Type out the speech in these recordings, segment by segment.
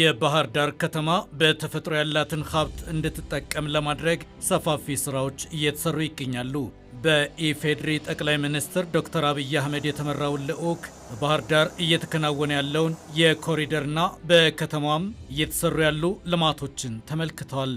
የባህር ዳር ከተማ በተፈጥሮ ያላትን ሀብት እንድትጠቀም ለማድረግ ሰፋፊ ስራዎች እየተሰሩ ይገኛሉ። በኢፌዴሪ ጠቅላይ ሚኒስትር ዶክተር አብይ አህመድ የተመራውን ልዑክ በባህር ዳር እየተከናወነ ያለውን የኮሪደርና በከተማም እየተሰሩ ያሉ ልማቶችን ተመልክተዋል።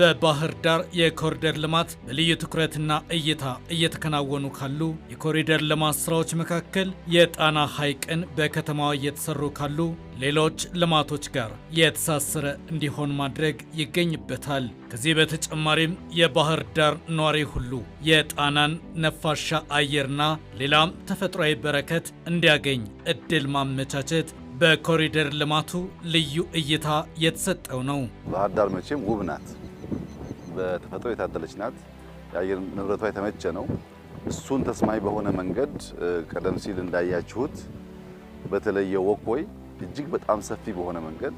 በባህር ዳር የኮሪደር ልማት በልዩ ትኩረትና እይታ እየተከናወኑ ካሉ የኮሪደር ልማት ስራዎች መካከል የጣና ሐይቅን በከተማዋ እየተሰሩ ካሉ ሌሎች ልማቶች ጋር የተሳሰረ እንዲሆን ማድረግ ይገኝበታል። ከዚህ በተጨማሪም የባህር ዳር ነዋሪ ሁሉ የጣናን ነፋሻ አየርና ሌላም ተፈጥሯዊ በረከት እንዲያገኝ እድል ማመቻቸት በኮሪደር ልማቱ ልዩ እይታ የተሰጠው ነው። ባህር ዳር መቼም ውብ ናት። በተፈጥሮ የታደለች ናት። የአየር ንብረቷ የተመቸ ነው። እሱን ተስማሚ በሆነ መንገድ ቀደም ሲል እንዳያችሁት በተለየ ወኮይ እጅግ በጣም ሰፊ በሆነ መንገድ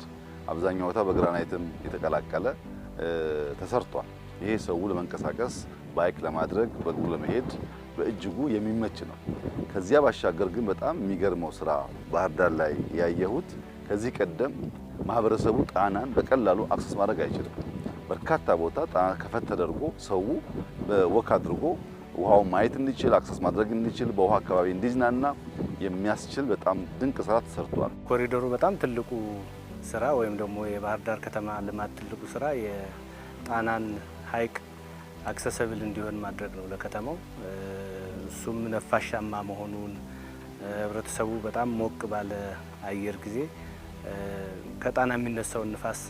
አብዛኛው ቦታ በግራናይትም የተቀላቀለ ተሰርቷል። ይሄ ሰው ለመንቀሳቀስ ባይክ ለማድረግ በእግሩ ለመሄድ በእጅጉ የሚመች ነው። ከዚያ ባሻገር ግን በጣም የሚገርመው ስራ ባህር ዳር ላይ ያየሁት ከዚህ ቀደም ማህበረሰቡ ጣናን በቀላሉ አክሰስ ማድረግ አይችልም። በርካታ ቦታ ጣና ከፈት ተደርጎ ሰው በወክ አድርጎ ውሃውን ማየት እንዲችል አክሰስ ማድረግ እንዲችል በውሃ አካባቢ እንዲዝናና የሚያስችል በጣም ድንቅ ስራ ተሰርቷል። ኮሪደሩ በጣም ትልቁ ስራ ወይም ደግሞ የባህር ዳር ከተማ ልማት ትልቁ ስራ የጣናን ሀይቅ አክሰሰብል እንዲሆን ማድረግ ነው ለከተማው። እሱም ነፋሻማ መሆኑን ህብረተሰቡ በጣም ሞቅ ባለ አየር ጊዜ ከጣና የሚነሳውን ንፋስ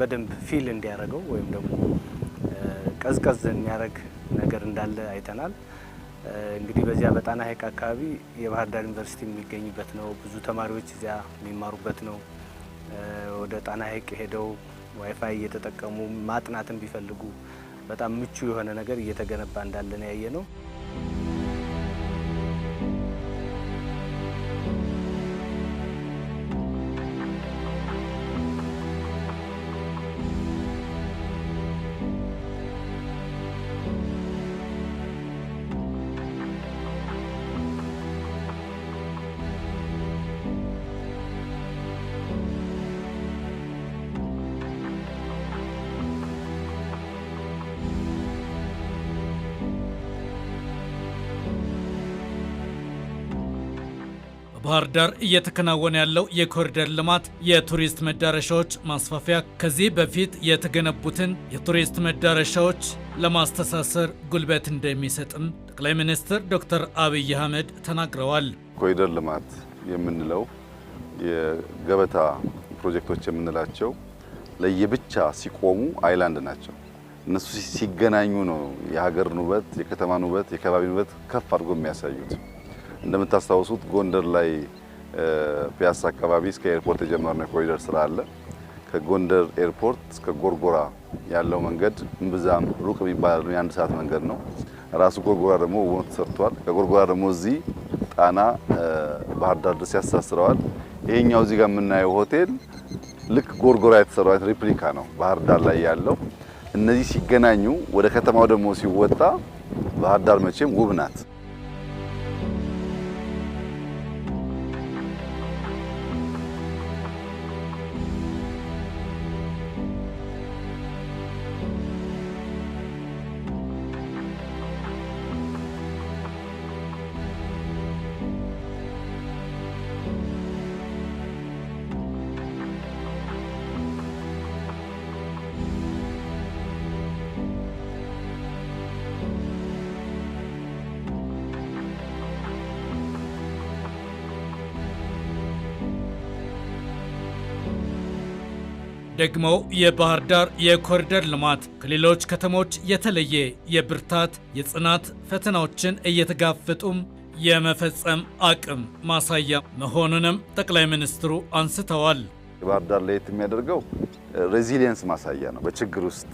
በደንብ ፊል እንዲያደርገው ወይም ደግሞ ቀዝቀዝ የሚያደርግ ነገር እንዳለ አይተናል። እንግዲህ በዚያ በጣና ሐይቅ አካባቢ የባህር ዳር ዩኒቨርሲቲ የሚገኝበት ነው። ብዙ ተማሪዎች እዚያ የሚማሩበት ነው። ወደ ጣና ሐይቅ ሄደው ዋይፋይ እየተጠቀሙ ማጥናትን ቢፈልጉ በጣም ምቹ የሆነ ነገር እየተገነባ እንዳለን ያየ ነው። ባህር ዳር እየተከናወነ ያለው የኮሪደር ልማት የቱሪስት መዳረሻዎች ማስፋፊያ ከዚህ በፊት የተገነቡትን የቱሪስት መዳረሻዎች ለማስተሳሰር ጉልበት እንደሚሰጥም ጠቅላይ ሚኒስትር ዶክተር አብይ አህመድ ተናግረዋል። ኮሪደር ልማት የምንለው የገበታ ፕሮጀክቶች የምንላቸው ለየብቻ ሲቆሙ አይላንድ ናቸው። እነሱ ሲገናኙ ነው የሀገርን ውበት፣ የከተማን ውበት፣ የከባቢን ውበት ከፍ አድርጎ የሚያሳዩት። እንደምታስታውሱት ጎንደር ላይ ፒያሳ አካባቢ እስከ ኤርፖርት የጀመርነው የኮሪደር ስራ አለ። ከጎንደር ኤርፖርት እስከ ጎርጎራ ያለው መንገድ እምብዛም ሩቅ የሚባል የአንድ ሰዓት መንገድ ነው። ራሱ ጎርጎራ ደግሞ ውኑ ተሰርቷል። ከጎርጎራ ደግሞ እዚህ ጣና ባህር ዳር ድረስ ያሳስረዋል። ይሄኛው እዚህ ጋር የምናየው ሆቴል ልክ ጎርጎራ የተሰራ ሪፕሊካ ነው ባህር ዳር ላይ ያለው። እነዚህ ሲገናኙ ወደ ከተማው ደግሞ ሲወጣ ባህር ዳር መቼም ውብ ናት። ደግሞ የባህር ዳር የኮሪደር ልማት ከሌሎች ከተሞች የተለየ የብርታት የጽናት ፈተናዎችን እየተጋፈጡም የመፈጸም አቅም ማሳያ መሆኑንም ጠቅላይ ሚኒስትሩ አንስተዋል። የባህር ዳር ለየት የሚያደርገው ሬዚሊየንስ ማሳያ ነው። በችግር ውስጥ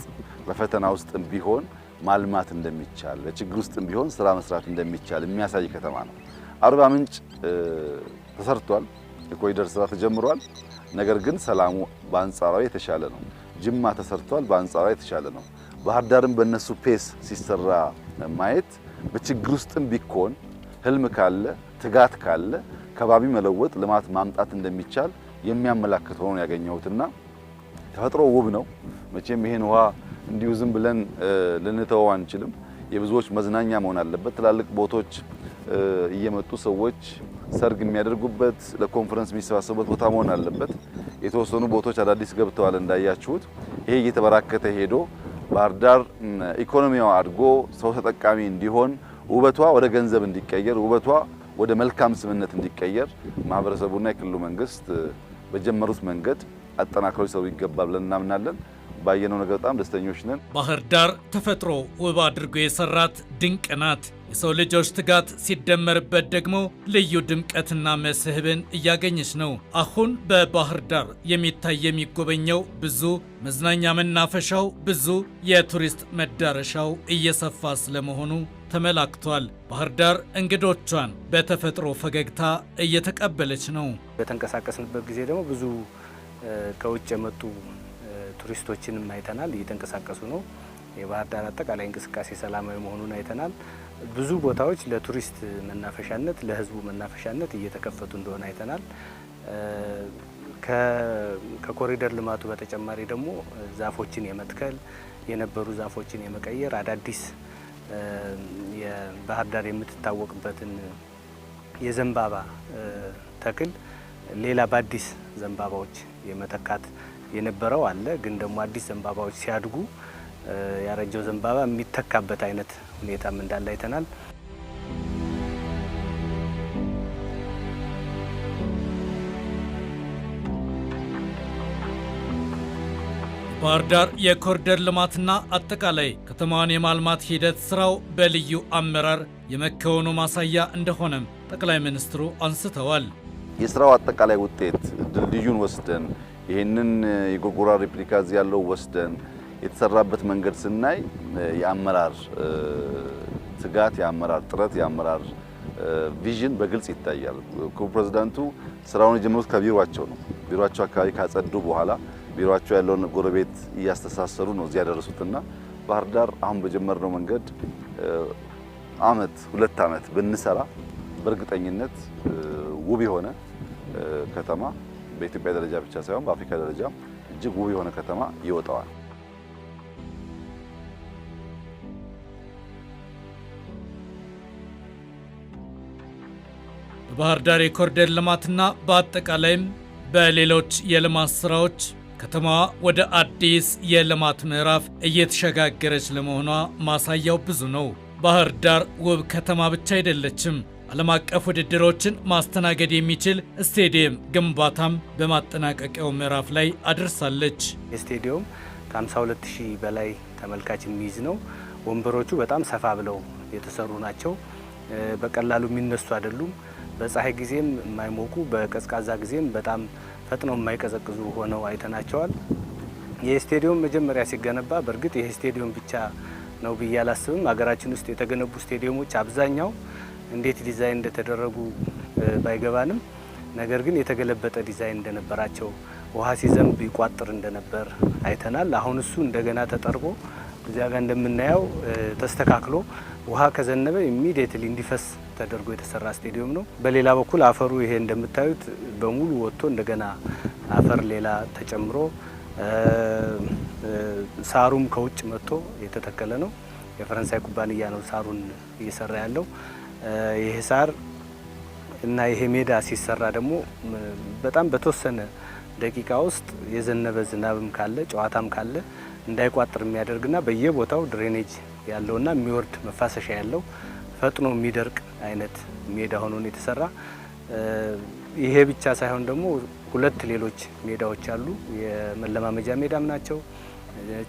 በፈተና ውስጥም ቢሆን ማልማት እንደሚቻል፣ በችግር ውስጥም ቢሆን ስራ መስራት እንደሚቻል የሚያሳይ ከተማ ነው። አርባ ምንጭ ተሰርቷል። የኮሪደር ስራ ተጀምሯል። ነገር ግን ሰላሙ በአንጻራዊ የተሻለ ነው። ጅማ ተሰርቷል፣ በአንጻራዊ የተሻለ ነው። ባህር ዳርም በእነሱ ፔስ ሲሰራ ማየት በችግር ውስጥም ቢኮን ህልም ካለ ትጋት ካለ ከባቢ መለወጥ ልማት ማምጣት እንደሚቻል የሚያመላክት ሆኖ ያገኘሁትና ተፈጥሮ ውብ ነው። መቼም ይሄን ውሃ እንዲሁ ዝም ብለን ልንተወው አንችልም። የብዙዎች መዝናኛ መሆን አለበት። ትላልቅ ቦቶች እየመጡ ሰዎች ሰርግ የሚያደርጉበት ለኮንፈረንስ የሚሰባሰቡበት ቦታ መሆን አለበት። የተወሰኑ ቦታዎች አዳዲስ ገብተዋል እንዳያችሁት። ይሄ እየተበራከተ ሄዶ ባህር ዳር ኢኮኖሚዋ አድጎ ሰው ተጠቃሚ እንዲሆን ውበቷ ወደ ገንዘብ እንዲቀየር ውበቷ ወደ መልካም ስምነት እንዲቀየር ማህበረሰቡና የክልሉ መንግስት በጀመሩት መንገድ አጠናክረው ሊሰሩ ይገባል ብለን እናምናለን። ባየነው ነገር በጣም ደስተኞች ነን። ባህር ዳር ተፈጥሮ ውብ አድርጎ የሰራት ድንቅ ናት። የሰው ልጆች ትጋት ሲደመርበት ደግሞ ልዩ ድምቀትና መስህብን እያገኘች ነው። አሁን በባህር ዳር የሚታይ የሚጎበኘው ብዙ መዝናኛ መናፈሻው ብዙ የቱሪስት መዳረሻው እየሰፋ ስለመሆኑ ተመላክቷል። ባህር ዳር እንግዶቿን በተፈጥሮ ፈገግታ እየተቀበለች ነው። በተንቀሳቀስንበት ጊዜ ደግሞ ብዙ ከውጭ የመጡ ቱሪስቶችንም አይተናል። እየተንቀሳቀሱ ነው። የባህር ዳር አጠቃላይ እንቅስቃሴ ሰላማዊ መሆኑን አይተናል። ብዙ ቦታዎች ለቱሪስት መናፈሻነት ለህዝቡ መናፈሻነት እየተከፈቱ እንደሆነ አይተናል። ከኮሪደር ልማቱ በተጨማሪ ደግሞ ዛፎችን የመትከል የነበሩ ዛፎችን የመቀየር አዳዲስ የባህር ዳር የምትታወቅበትን የዘንባባ ተክል ሌላ በአዲስ ዘንባባዎች የመተካት የነበረው አለ። ግን ደግሞ አዲስ ዘንባባዎች ሲያድጉ ያረጀው ዘንባባ የሚተካበት አይነት ሁኔታም እንዳለ አይተናል። ባህር ዳር የኮሪደር ልማትና አጠቃላይ ከተማዋን የማልማት ሂደት ስራው በልዩ አመራር የመከወኑ ማሳያ እንደሆነም ጠቅላይ ሚኒስትሩ አንስተዋል። የስራው አጠቃላይ ውጤት ድልድዩን ወስደን ይህንን የጎርጎራ ሬፕሊካ እዚህ ያለው ወስደን የተሰራበት መንገድ ስናይ የአመራር ትጋት፣ የአመራር ጥረት፣ የአመራር ቪዥን በግልጽ ይታያል። ክቡር ፕሬዚዳንቱ ስራውን የጀመሩት ከቢሮቸው ነው። ቢሮቸው አካባቢ ካጸዱ በኋላ ቢሮቸው ያለውን ጎረቤት እያስተሳሰሩ ነው እዚህ ያደረሱትና ባህር ዳር አሁን በጀመርነው መንገድ አመት ሁለት አመት ብንሰራ በእርግጠኝነት ውብ የሆነ ከተማ በኢትዮጵያ ደረጃ ብቻ ሳይሆን በአፍሪካ ደረጃ እጅግ ውብ የሆነ ከተማ ይወጣዋል። በባህር ዳር የኮሪደር ልማትና በአጠቃላይም በሌሎች የልማት ስራዎች ከተማዋ ወደ አዲስ የልማት ምዕራፍ እየተሸጋገረች ለመሆኗ ማሳያው ብዙ ነው። ባህር ዳር ውብ ከተማ ብቻ አይደለችም። ዓለም አቀፍ ውድድሮችን ማስተናገድ የሚችል ስቴዲየም ግንባታም በማጠናቀቂያው ምዕራፍ ላይ አድርሳለች። ስቴዲየም ከ52 ሺህ በላይ ተመልካች የሚይዝ ነው። ወንበሮቹ በጣም ሰፋ ብለው የተሰሩ ናቸው። በቀላሉ የሚነሱ አይደሉም። በፀሐይ ጊዜም የማይሞቁ በቀዝቃዛ ጊዜም በጣም ፈጥነው የማይቀዘቅዙ ሆነው አይተናቸዋል። ይህ መጀመሪያ ሲገነባ በእርግጥ ይህ ስቴዲየም ብቻ ነው ብዬ አላስብም። ሀገራችን ውስጥ የተገነቡ ስቴዲየሞች አብዛኛው እንዴት ዲዛይን እንደተደረጉ ባይገባንም ነገር ግን የተገለበጠ ዲዛይን እንደነበራቸው ውሃ ሲዘንብ ይቋጥር እንደነበር አይተናል። አሁን እሱ እንደገና ተጠርቦ እዚያ ጋር እንደምናየው ተስተካክሎ ውሃ ከዘነበ ኢሚዲየትሊ እንዲፈስ ተደርጎ የተሰራ ስቴዲየም ነው። በሌላ በኩል አፈሩ ይሄ እንደምታዩት በሙሉ ወጥቶ እንደገና አፈር ሌላ ተጨምሮ ሳሩም ከውጭ መጥቶ የተተከለ ነው። የፈረንሳይ ኩባንያ ነው ሳሩን እየሰራ ያለው። ይሄ ሳር እና ይሄ ሜዳ ሲሰራ ደግሞ በጣም በተወሰነ ደቂቃ ውስጥ የዘነበ ዝናብም ካለ ጨዋታም ካለ እንዳይቋጥር የሚያደርግና በየቦታው ድሬኔጅ ያለውና የሚወርድ መፋሰሻ ያለው ፈጥኖ የሚደርቅ አይነት ሜዳ ሆኖ ነው የተሰራ። ይሄ ብቻ ሳይሆን ደግሞ ሁለት ሌሎች ሜዳዎች አሉ። የመለማመጃ ሜዳም ናቸው።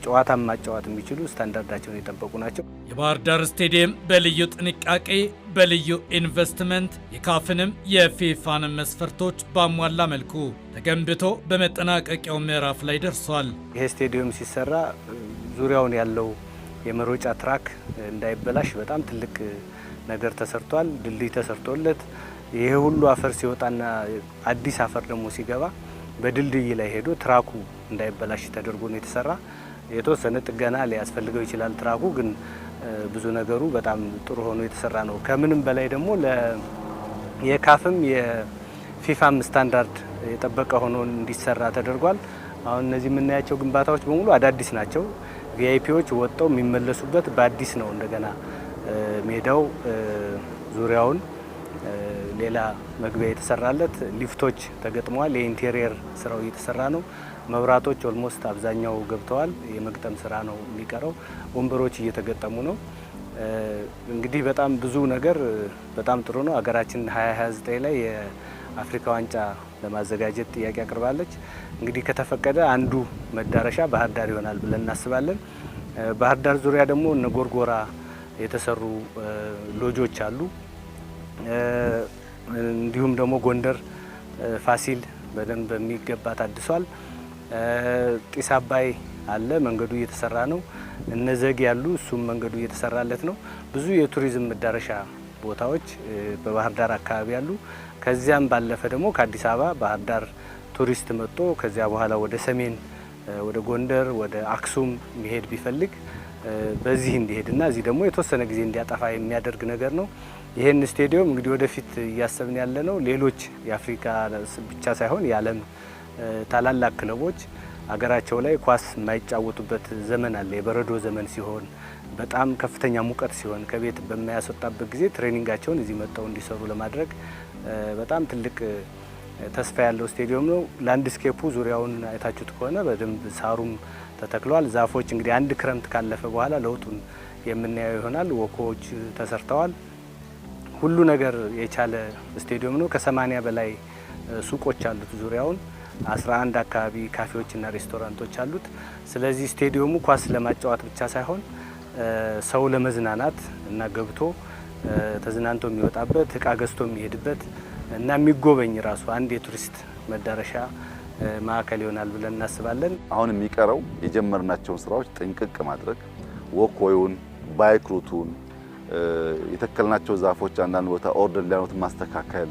ጨዋታ ማጫወት የሚችሉ ስታንዳርዳቸውን የጠበቁ ናቸው። የባህር ዳር ስቴዲየም በልዩ ጥንቃቄ በልዩ ኢንቨስትመንት የካፍንም የፊፋንም መስፈርቶች ባሟላ መልኩ ተገንብቶ በመጠናቀቂያው ምዕራፍ ላይ ደርሷል። ይሄ ስቴዲየም ሲሰራ ዙሪያውን ያለው የመሮጫ ትራክ እንዳይበላሽ በጣም ትልቅ ነገር ተሰርቷል። ድልድይ ተሰርቶለት ይሄ ሁሉ አፈር ሲወጣና አዲስ አፈር ደግሞ ሲገባ በድልድይ ላይ ሄዶ ትራኩ እንዳይበላሽ ተደርጎ ነው የተሰራ። የተወሰነ ጥገና ሊያስፈልገው ይችላል። ትራኩ ግን ብዙ ነገሩ በጣም ጥሩ ሆኖ የተሰራ ነው። ከምንም በላይ ደግሞ የካፍም የፊፋም ስታንዳርድ የጠበቀ ሆኖ እንዲሰራ ተደርጓል። አሁን እነዚህ የምናያቸው ግንባታዎች በሙሉ አዳዲስ ናቸው። ቪአይፒዎች ወጥተው የሚመለሱበት በአዲስ ነው። እንደገና ሜዳው ዙሪያውን ሌላ መግቢያ የተሰራለት ሊፍቶች ተገጥመዋል። የኢንቴሪየር ስራው እየተሰራ ነው። መብራቶች ኦልሞስት አብዛኛው ገብተዋል። የመግጠም ስራ ነው የሚቀረው። ወንበሮች እየተገጠሙ ነው። እንግዲህ በጣም ብዙ ነገር በጣም ጥሩ ነው። ሀገራችን 2029 ላይ የአፍሪካ ዋንጫ ለማዘጋጀት ጥያቄ አቅርባለች። እንግዲህ ከተፈቀደ አንዱ መዳረሻ ባህር ዳር ይሆናል ብለን እናስባለን። ባህር ዳር ዙሪያ ደግሞ እነ ጎርጎራ የተሰሩ ሎጆች አሉ። እንዲሁም ደግሞ ጎንደር ፋሲል በደንብ በሚገባ ታድሷል። ጢስ አባይ አለ፣ መንገዱ እየተሰራ ነው። እነዘግ ያሉ እሱም መንገዱ እየተሰራለት ነው። ብዙ የቱሪዝም መዳረሻ ቦታዎች በባህር ዳር አካባቢ ያሉ፣ ከዚያም ባለፈ ደግሞ ከአዲስ አበባ ባህር ዳር ቱሪስት መጥቶ ከዚያ በኋላ ወደ ሰሜን ወደ ጎንደር ወደ አክሱም መሄድ ቢፈልግ በዚህ እንዲሄድና እዚህ ደግሞ የተወሰነ ጊዜ እንዲያጠፋ የሚያደርግ ነገር ነው። ይህን ስቴዲየም እንግዲህ ወደፊት እያሰብን ያለ ነው። ሌሎች የአፍሪካ ብቻ ሳይሆን የዓለም ታላላቅ ክለቦች አገራቸው ላይ ኳስ የማይጫወቱበት ዘመን አለ። የበረዶ ዘመን ሲሆን፣ በጣም ከፍተኛ ሙቀት ሲሆን ከቤት በማያስወጣበት ጊዜ ትሬኒንጋቸውን እዚህ መጥተው እንዲሰሩ ለማድረግ በጣም ትልቅ ተስፋ ያለው ስቴዲየም ነው። ላንድስኬፑ ዙሪያውን አይታችሁት ከሆነ በደንብ ሳሩም ተተክሏል። ዛፎች እንግዲህ አንድ ክረምት ካለፈ በኋላ ለውጡን የምናየው ይሆናል። ወኮዎች ተሰርተዋል። ሁሉ ነገር የቻለ ስቴዲየም ነው። ከሰማኒያ በላይ ሱቆች አሉት። ዙሪያውን 11 አካባቢ ካፌዎችና ሬስቶራንቶች አሉት። ስለዚህ ስቴዲየሙ ኳስ ለማጫወት ብቻ ሳይሆን ሰው ለመዝናናት እና ገብቶ ተዝናንቶ የሚወጣበት እቃ ገዝቶ የሚሄድበት እና የሚጎበኝ ራሱ አንድ የቱሪስት መዳረሻ ማዕከል ይሆናል ብለን እናስባለን። አሁን የሚቀረው የጀመርናቸውን ስራዎች ጥንቅቅ ማድረግ ወኮዩን ባይክሩቱን የተከልናቸው ዛፎች አንዳንድ ቦታ ኦርደር ሊያኖት ማስተካከል፣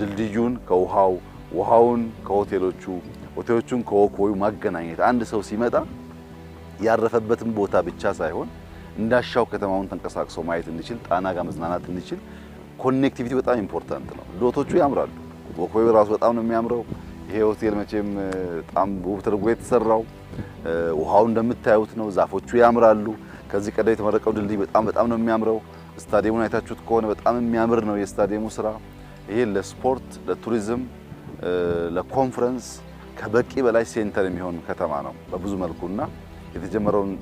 ድልድዩን ከውሃው ውሃውን ከሆቴሎቹ ሆቴሎቹን ከወክወዩ ማገናኘት አንድ ሰው ሲመጣ ያረፈበትን ቦታ ብቻ ሳይሆን እንዳሻው ከተማውን ተንቀሳቅሶ ማየት እንዲችል ጣና ጋር መዝናናት እንዲችል ኮኔክቲቪቲ በጣም ኢምፖርታንት ነው። ዶቶቹ ያምራሉ። ወክወዩ ራሱ በጣም ነው የሚያምረው። ይሄ ሆቴል መቼም በጣም ውብ ተደርጎ የተሰራው ውሃው እንደምታዩት ነው። ዛፎቹ ያምራሉ። ከዚህ ቀደም የተመረቀው ድልድይ በጣም በጣም ነው የሚያምረው። ስታዲየሙን አይታችሁት ከሆነ በጣም የሚያምር ነው የስታዲየሙ ስራ። ይሄ ለስፖርት፣ ለቱሪዝም፣ ለኮንፈረንስ ከበቂ በላይ ሴንተር የሚሆን ከተማ ነው በብዙ መልኩና የተጀመረውን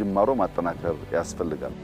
ጅማሮ ማጠናከር ያስፈልጋል።